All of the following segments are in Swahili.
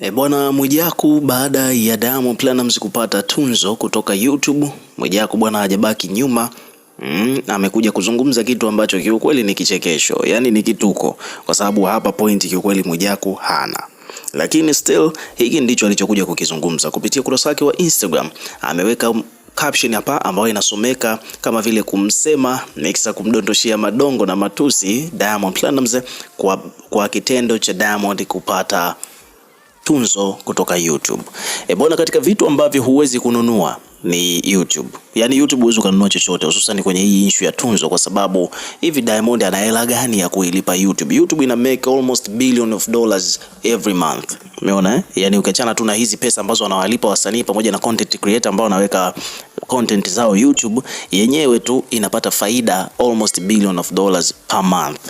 E, bwana Mwijaku baada ya Diamond Platnumz kupata tunzo kutoka YouTube, Mwijaku bwana hajabaki nyuma. Mm, amekuja kuzungumza kitu ambacho kiukweli ni kichekesho, yani ni kituko, kwa sababu hapa point kiukweli Mwijaku hana lakini still hiki ndicho alichokuja kukizungumza kupitia ukurasa wake wa Instagram. Ameweka caption hapa ambayo inasomeka kama vile kumsema Mixa kumdondoshia madongo na matusi Diamond Platnumz kwa, kwa kitendo cha Diamond kupata tunzo kutoka YouTube. E bwana, katika vitu ambavyo huwezi kununua ni YouTube. Yaani YouTube huwezi kununua chochote hususan kwenye hii issue ya tunzo kwa sababu hivi Diamond ana hela gani ya kuilipa YouTube? YouTube ina make almost billion of dollars every month. Umeona eh? Yaani ukiachana tu na hizi pesa ambazo wanawalipa wasanii pamoja na content creator ambao anaweka content zao YouTube yenyewe tu inapata faida almost billion of dollars per month.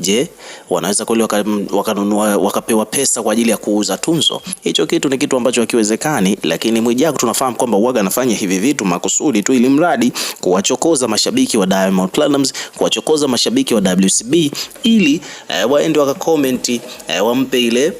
Je, wanaweza kweli wakanunua waka wakapewa pesa kwa ajili ya kuuza tunzo? Hicho kitu ni kitu ambacho hakiwezekani, lakini Mwijaku tunafahamu kwamba uwaga anafanya hivi vitu makusudi tu ili mradi kuwachokoza mashabiki wa Diamond Platnumz, kuwachokoza mashabiki wa WCB ili eh, waende wakakomenti eh, wampe ile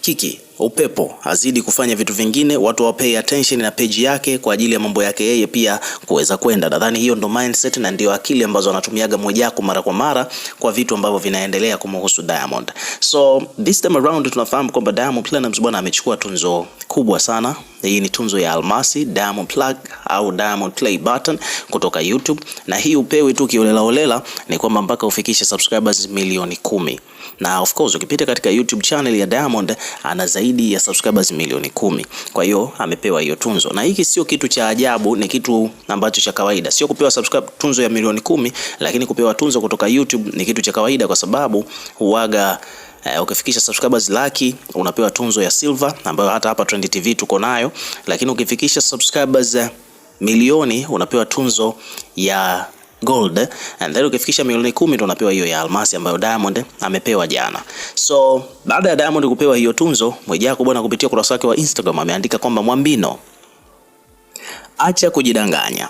kiki upepo azidi kufanya vitu vingine, watu wa pay attention na page yake kwa ajili ya mambo yake yeye pia kuweza kwenda. Nadhani hiyo ndo mindset na ndio akili ambazo anatumiaga Mwijaku mara kwa mara kwa vitu ambavyo vinaendelea kumhusu Diamond. So this time around tunafahamu kwamba Diamond Platnumz bwana amechukua tunzo kubwa sana. Hii ni tunzo ya almasi Diamond Plug au Diamond Play Button kutoka YouTube, na hii upewi tu kiolelaolela, ni kwamba mpaka ufikishe subscribers milioni kumi na of course ukipita katika YouTube channel ya Diamond ana zaidi ya subscribers milioni kumi. Kwa hiyo amepewa hiyo tunzo, na hiki sio kitu cha ajabu, ni kitu ambacho cha kawaida. Sio kupewa subscribe tunzo ya milioni kumi, lakini kupewa tunzo kutoka YouTube ni kitu cha kawaida, kwa sababu huaga Uh, eh, ukifikisha subscribers laki unapewa tunzo ya silver ambayo hata hapa Trend TV tuko nayo, lakini ukifikisha subscribers eh, milioni unapewa tunzo ya gold and then ukifikisha milioni kumi ndo unapewa hiyo ya almasi ambayo Diamond amepewa jana. So baada ya Diamond kupewa hiyo tunzo, Mwijaku bwana kupitia ukurasa wake wa Instagram ameandika kwamba Mwambino, acha kujidanganya,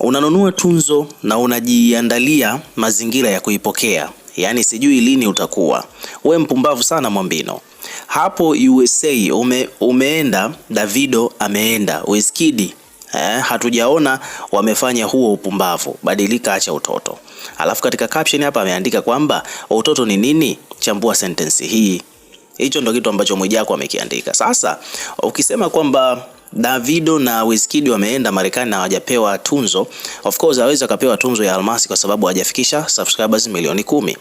unanunua tunzo na unajiandalia mazingira ya kuipokea. Yaani sijui lini utakuwa we mpumbavu sana Mwambino. Hapo USA ume, umeenda Davido ameenda Wizkid eh, hatujaona wamefanya huo upumbavu. Badilika, acha utoto. Alafu katika caption hapa ameandika kwamba utoto ni nini? Chambua sentensi hii. Hicho ndo kitu ambacho Mwijaku amekiandika. Sasa ukisema kwamba Davido na Wizkid wameenda Marekani na hawajapewa tunzo. Of course hawezi akapewa tunzo ya almasi kwa sababu hajafikisha subscribers milioni kumi.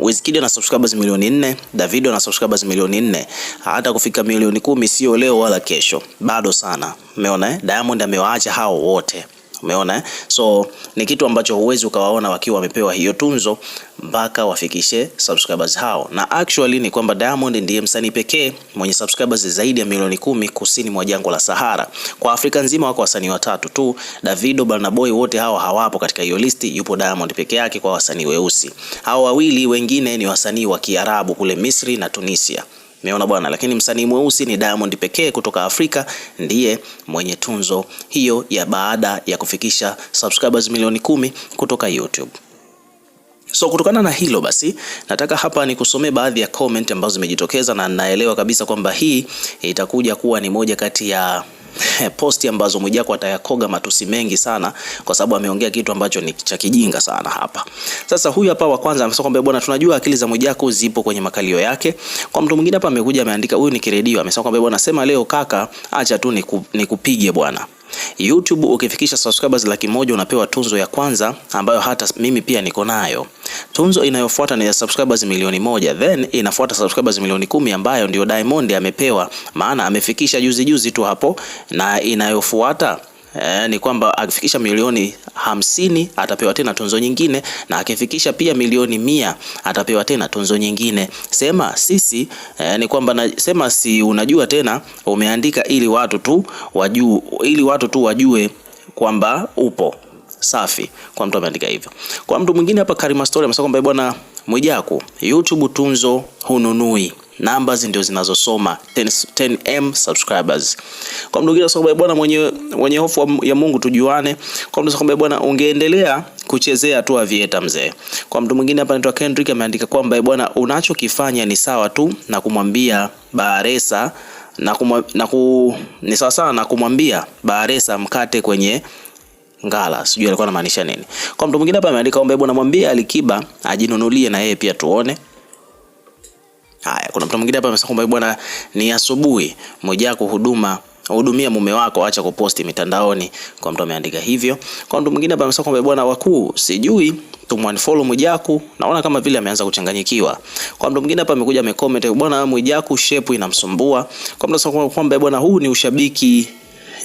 Wizkid ana subscribers milioni nne, Davido ana subscribers milioni nne. Hata kufika milioni kumi sio leo wala kesho, bado sana. Umeona eh? Diamond amewaacha hao wote. Umeona eh? So ni kitu ambacho huwezi ukawaona wakiwa wamepewa hiyo tunzo mpaka wafikishe subscribers hao, na actually ni kwamba Diamond ndiye msanii pekee mwenye subscribers zaidi ya milioni kumi kusini mwa jangwa la Sahara. Kwa Afrika nzima wako wasanii watatu tu, Davido, Burna Boy, wote hawa hawapo katika hiyo listi, yupo Diamond peke yake kwa wasanii weusi. Hao wawili wengine ni wasanii wa Kiarabu kule Misri na Tunisia. Umeona bwana, lakini msanii mweusi ni Diamond pekee kutoka Afrika ndiye mwenye tunzo hiyo ya baada ya kufikisha subscribers milioni kumi kutoka YouTube. So kutokana na hilo basi, nataka hapa ni kusomee baadhi ya comment ambazo zimejitokeza, na naelewa kabisa kwamba hii itakuja kuwa ni moja kati ya Eh, posti ambazo Mwijaku atayakoga matusi mengi sana, kwa sababu ameongea kitu ambacho ni cha kijinga sana hapa. Sasa huyu hapa wa kwanza amesema kwamba bwana, tunajua akili za Mwijaku zipo kwenye makalio yake. Kwa mtu mwingine hapa amekuja ameandika, huyu ni Kiredio, amesema kwamba bwana, sema leo kaka, acha tu nikupige bwana. YouTube ukifikisha subscribers laki moja unapewa tunzo ya kwanza ambayo hata mimi pia niko nayo. Tunzo inayofuata ni ya subscribers milioni moja, then inafuata subscribers milioni kumi ambayo ndio Diamond amepewa, maana amefikisha juzi juzi tu hapo, na inayofuata eh, ni kwamba akifikisha milioni hamsini atapewa tena tunzo nyingine, na akifikisha pia milioni mia atapewa tena tunzo nyingine. Sema sisi eh, ni kwamba na, sema si unajua tena umeandika ili watu tu wajue, ili watu tu wajue kwamba upo safi. Kwa mtu ameandika hivyo. Kwa mtu mwingine hapa Karima Story amesema kwamba bwana Mwijaku, YouTube tunzo hununui numbers ndio zinazosoma 10, 10M subscribers. Kwa mdogo mwingine sababu bwana mwenye mwenye hofu ya Mungu tujuane. Kwa mtu sababu bwana ungeendelea kuchezea tu avieta mzee. Kwa mtu mwingine hapa anaitwa Kendrick ameandika kwamba e bwana unachokifanya ni sawa tu na kumwambia Baresa na kumwa, na ku, ni sawa sana na kumwambia Baresa mkate kwenye ngala. Sijui alikuwa anamaanisha nini. Kwa mtu mwingine hapa ameandika kwamba e bwana mwambie Alikiba ajinunulie na yeye pia tuone. Haya, kuna mtu mwingine hapa amesema kwamba eh, bwana, ni asubuhi moja yako huduma hudumia mume wako, acha kuposti mitandaoni. Kwa mtu ameandika hivyo. Kwa mtu mwingine hapa amesema kwamba eh, bwana, wakuu, sijui tumunfollow Mwijaku, naona kama vile ameanza kuchanganyikiwa. Kwa mtu mwingine hapa amekuja amecomment, eh, bwana, Mwijaku shepu inamsumbua. Kwa mtu anasema kwamba bwana, huu ni ushabiki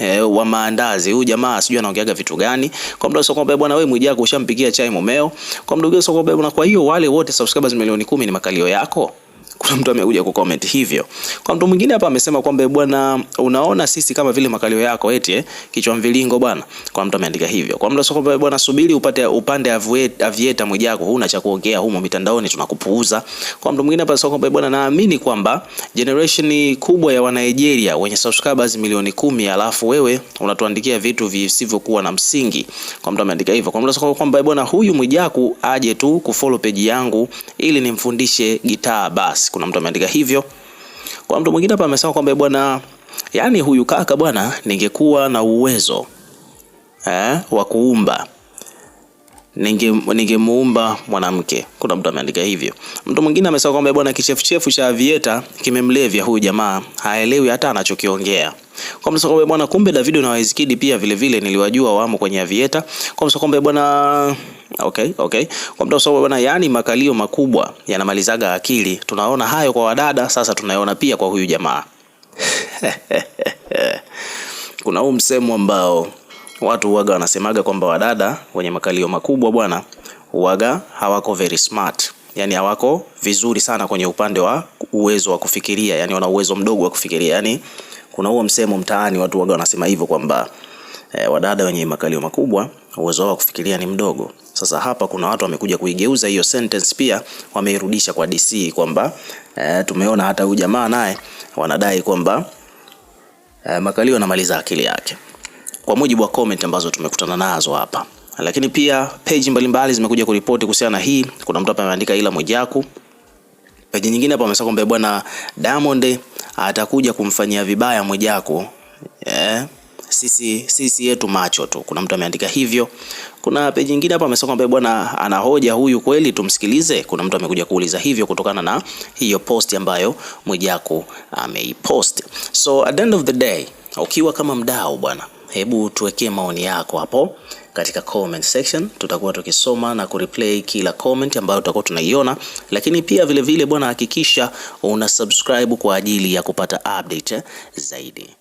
E, wa maandazi huyu jamaa sijui anaongeaga vitu gani. Kwa mtu sio bwana, wewe Mwijaku ushampikia chai mumeo. Kwa mtu sio bwana, kwa hiyo wale wote subscribers milioni kumi ni makalio yako. Kuna mtu amekuja ku comment hivyo. Kwa mtu mwingine hapa amesema kwamba eh, bwana, unaona sisi kama vile makalio yako eti eh, kichwa mvilingo bwana. Kwa mtu ameandika hivyo. Kwa mtu sokopa bwana, subiri upate upande avieta Mwijaku, huna cha kuongea humo mitandaoni tunakupuuza. Kwa mtu mwingine hapa sokopa eh, bwana, naamini kwamba generation kubwa ya Wanigeria wenye subscribers milioni kumi, alafu wewe unatuandikia vitu visivyokuwa na msingi. Kwa mtu ameandika hivyo. Kwa mtu sokopa kwamba eh, bwana, huyu Mwijaku aje tu kufollow page yangu ili nimfundishe gitaa basi kuna mtu ameandika hivyo. Kuna mtu mwingine hapa amesema kwamba bwana, yani huyu kaka bwana, ningekuwa na uwezo eh, wa kuumba ningemuumba ninge mwanamke. Kuna mtu ameandika hivyo. Mtu mwingine amesema kwamba bwana, kichefuchefu cha vieta kimemlevya huyu jamaa, haelewi hata anachokiongea. Kwa msa msako bwana, kumbe Davido na Wizkid pia vile vile niliwajua wamo kwenye Avieta. Kwa msa msako bwana Okay, okay. Kwa mda usoma bwana, yani makalio makubwa yanamalizaga akili. Tunaona hayo kwa wadada, sasa tunaona pia kwa huyu jamaa kuna huu msemo ambao watu huaga wanasemaga kwamba wadada wenye makalio makubwa bwana huaga hawako very smart, Yaani hawako vizuri sana kwenye upande wa uwezo wa kufikiria, yani wana uwezo mdogo wa kufikiria Yaani kuna huo msemo mtaani, watu waga wanasema hivyo kwamba e, wadada wenye makalio makubwa uwezo wao wa kufikiria ni mdogo. Sasa hapa kuna watu wamekuja kuigeuza hiyo sentence, pia wameirudisha kwa DC kwamba e, tumeona hata huyu jamaa naye wanadai kwamba e, makalio anamaliza akili yake, kwa mujibu wa comment ambazo tumekutana nazo hapa. Lakini pia page mbalimbali zimekuja kuripoti kuhusiana na hii. Kuna mtu hapa ameandika ila Mwijaku Peji nyingine hapo amesema kwamba bwana Diamond atakuja kumfanyia vibaya Mwijaku yeah. Sisi, sisi yetu macho tu. Kuna mtu ameandika hivyo. Kuna peji nyingine hapa amesema kwamba bwana anahoja huyu kweli, tumsikilize. Kuna mtu amekuja kuuliza hivyo kutokana na hiyo post ambayo Mwijaku ameipost. So at the end of the day, ukiwa kama mdau bwana hebu tuwekee maoni yako hapo katika comment section, tutakuwa tukisoma na kureplay kila comment ambayo tutakuwa tunaiona. Lakini pia vilevile bwana, hakikisha una subscribe kwa ajili ya kupata update zaidi.